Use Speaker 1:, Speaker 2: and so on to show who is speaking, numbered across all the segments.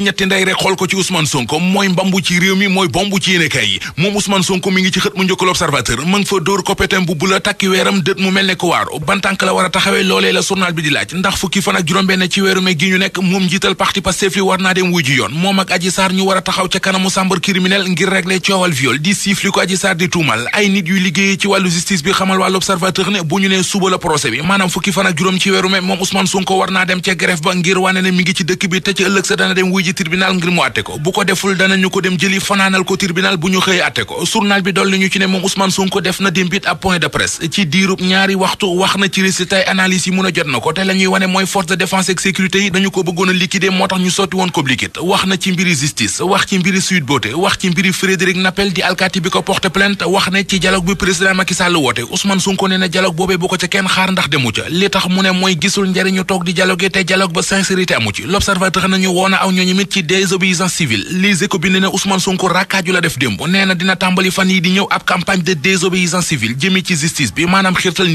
Speaker 1: ñetti ndey ndax fukki fan juróom-benn ci weeru me gi ñu nekk moom njiital parti Pastef li war dem wuy yoon moom ak Adji ñu war taxaw ca kanamu chambre criminelle ngir régler coowal viol di siifli ko Adji di tuumal ay nit yuy liggéeyee ci wàllu justice bi xamal wàllu observateur ne bu ñu nee suba la procès bi maanaam fukki fan juróom ci weeru me moom Ousmane Sonko war naa dem ca greffe ba ngir wane ne mi ngi ci dëkk bi te ci ëllëg sa dana dem wuy ji tribunal ngir mu àtte ko bu ko deful danañu ko dem jëli fanaanal ko tribunal bu ñu xëy àtte ko journal bi dolli ñu ci ne moom Ousmane Sonko def na démbit ab point de presse ci diirub ñaari waxtu wax na ci résultat analyse yi mun jot na ko te la ñuy wane mooy force de défense ak sécurité yi dañu ko bëggoon a moo tax ñu sotti woon ko liquide wax na ci mbiri justice wax ci mbiri Sweet Beauté wax ci mbiri Frédéric Napel di alkaati tamit ci désobéissance civile Les Échos bi di campagne de désobéissance civile jëmee ci justice bi maanaam xirtal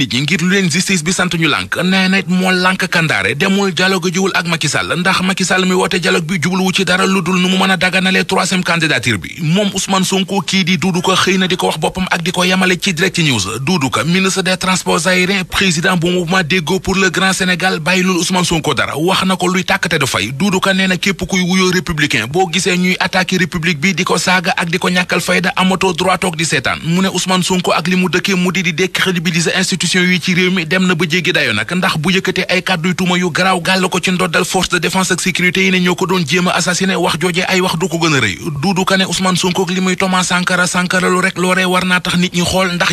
Speaker 1: ak Macky Sall ndax Macky Sall mi woote dialogue bi jubluwu ci dara lu dul nu mu mën a daganalee troisième candidature bi moom Ousmane Sonko kii di Doudou Ka xëy na di ko wax boppam di ko yamale ci Direct News Doudou Ka ministre des transports aériens président bu mouvement déggoo pour le grand Sénégal bàyyilul Ousmane Sonko dara wax na ko luy tàkkate du fay Doudou Ka nee na képp kuy wuyoo républicain boo gisee ñuy attaquer république bi di ko saaga ak di ko ñàkkal fayda amatoo droit toog di seetaan mu ne Ousmane Sonko ak li mu dëkkee mu di di décrédibiliser institution yi ci réew mi dem na ba jéggi dayo nag ndax bu yëkkatee ay kàdduy tuuma yu garaaw gàll ko ci ndoddal force de défense ak sécurité yi ne ñoo ko doon jéem a assassiné wax joojee ay wax du ko gën a rëy duudu ka ne Ousmane Sonko ak li muy Thomas Sankara Sankara lu rek loolee war naa tax nit ñi xool ndax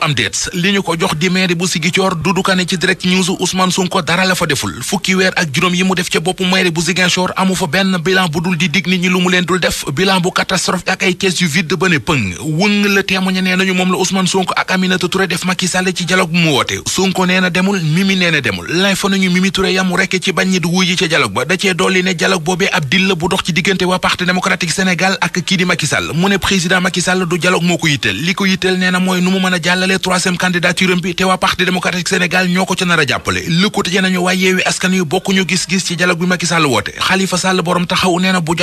Speaker 1: am déet li jox di maire bu Ziguinchor duudu ka ne ci direct news Ousmane Sonko la fa deful fukki weer ak juróom yi mu def ca bopp maire bu def benn bilan bu dul di dig nit ñi lu mu leen dul def bilan bu catastrophe ak ay kees yu vide ba ne pëng wëng la témoigné nee nañu moom la Ousmane Sonko ak Aminata Touré def Macky ci dialogue bu mu mu ne président Macky du dialogue moo ko yitteel li ko yitteel nee na mooy nu mu mën a jàllale troisième candidature bi te waa Parti démocratique Sénégal ñoo ko ca nar a jàppale lëkkute nañu waa yeewi askan yu bokkuñu gis-gis ci dialogue bi Macky Sall Sall ndax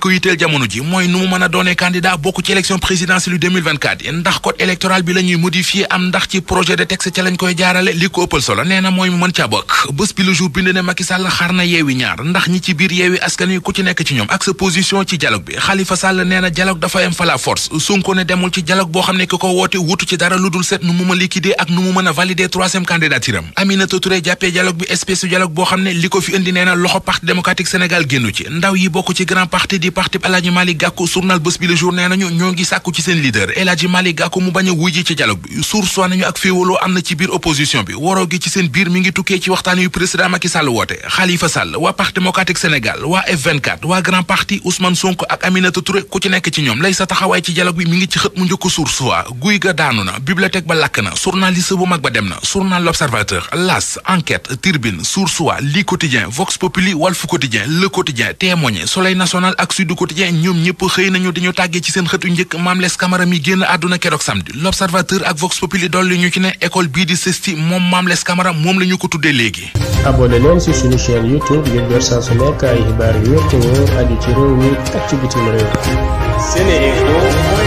Speaker 1: ko yitteel bi la ñuy am ndax ci projet de texte ca lañ koy jaarale li ko ëppal solo nee mooy mën caa bokk bés bi le jour bind ne Macky xar na yeewi ñaar ndax ñi ci biir yeewi askan ku ci nekk ci ñoom ak sa position ci dialogue bi Khalifa Sall nee na dialogue am fa la force ne demul ci dialogue boo xam ne ki ko woote wutu ci dara dul set nu mu ma liquider ak nu mu mën a valider troisième Aminata Touré jàppee dialogue bi espèce dialogue boo xam ne li ko fi indi nee na loxo parti démocratique Sénégal génnu ci ndaw yi bokk ci grand parti di parti El Hadji Malick Gakou journal Bi Le Jour nañu ñoo ngi sàkku ci seen leader El Hadji mu bañ a wuy ci dialogue bi suur nañu ak féewaloo am na ci biir opposition bi waroo ci seen biir mi ngi tukkee ci waxtaan yu président bibliothèque ba lakk na journaliste bu mag ba dem na journal l'observateur las enquête tribune source a li quotidien vox populi walf quotidien le quotidien témoigné soleil national ak sud quotidien ñoom ñëpp xëy nañu dañu tàggee ci seen xëtu njëkk maam les camara mi génn àdduna keroog samedi l'observateur ak vox populi dolli ñu ci ne école bii di sësti moom maam les camara moom la ñu ko tuddee léegi abonné leen ci suñu chaîne youtube ngir jot saa su nekk ay wér te ci réew mi ak bitim réew